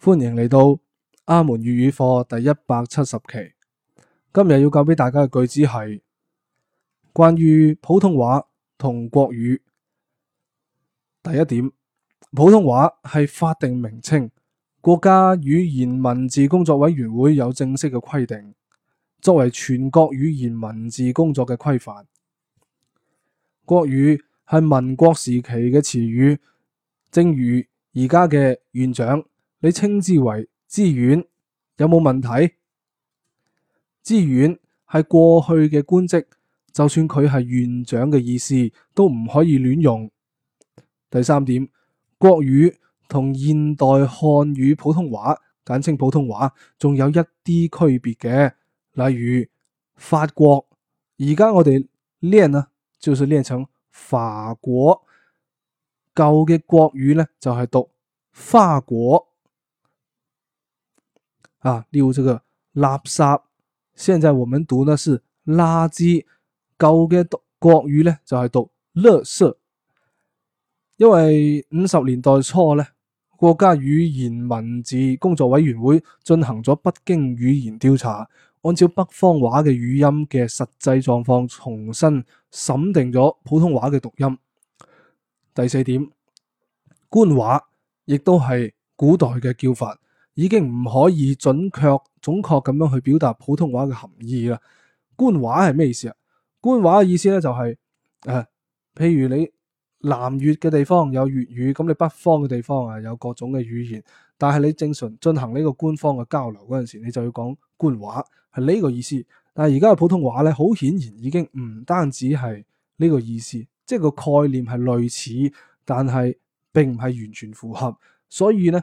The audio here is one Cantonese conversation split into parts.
歡迎嚟到阿門粵語課第一百七十期。今日要教俾大家嘅句子係關於普通話同國語。第一點，普通話係法定名稱，國家語言文字工作委員會有正式嘅規定，作為全國語言文字工作嘅規範。國語係民國時期嘅詞語，正如而家嘅縣長。你稱之為知縣有冇問題？知縣係過去嘅官職，就算佢係縣長嘅意思，都唔可以亂用。第三點，國語同現代漢語普通話，簡稱普通話，仲有一啲區別嘅。例如法國，而家我哋念啊，就是念成法國。舊嘅國語呢，就係讀花果。啊，例如這個垃圾，現在我們讀呢是垃圾，舊嘅國語呢就係讀勒瑟。因為五十年代初呢，國家語言文字工作委員會進行咗北京語言調查，按照北方話嘅語音嘅實際狀況，重新審定咗普通話嘅讀音。第四點，官話亦都係古代嘅叫法。已經唔可以準確、準確咁樣去表達普通話嘅含義啦。官話係咩意思啊？官話嘅意思咧就係、是，誒、呃，譬如你南越南粵嘅地方有粵語，咁你北方嘅地方啊有各種嘅語言，但係你正常進行呢個官方嘅交流嗰陣時，你就要講官話，係呢個意思。但係而家嘅普通話咧，好顯然已經唔單止係呢個意思，即係個概念係類似，但係並唔係完全符合，所以咧。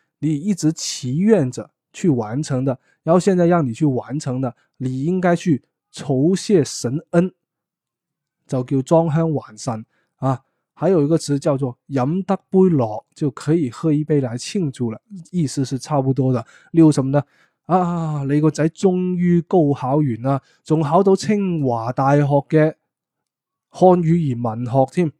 你一直祈願着去完成的，然後現在讓你去完成的，你應該去酬謝神恩，就叫裝香還神啊。還有一個詞叫做飲得杯落，就可以喝一杯來慶祝了，意思是差不多的。聊什麼呢？啊，你個仔終於高考完啦，啊，仲考到清華大學嘅漢語言文學添，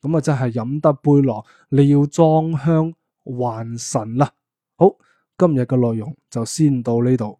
咁啊真係飲得杯落，你要裝香。還神啦，好，今日嘅內容就先到呢度。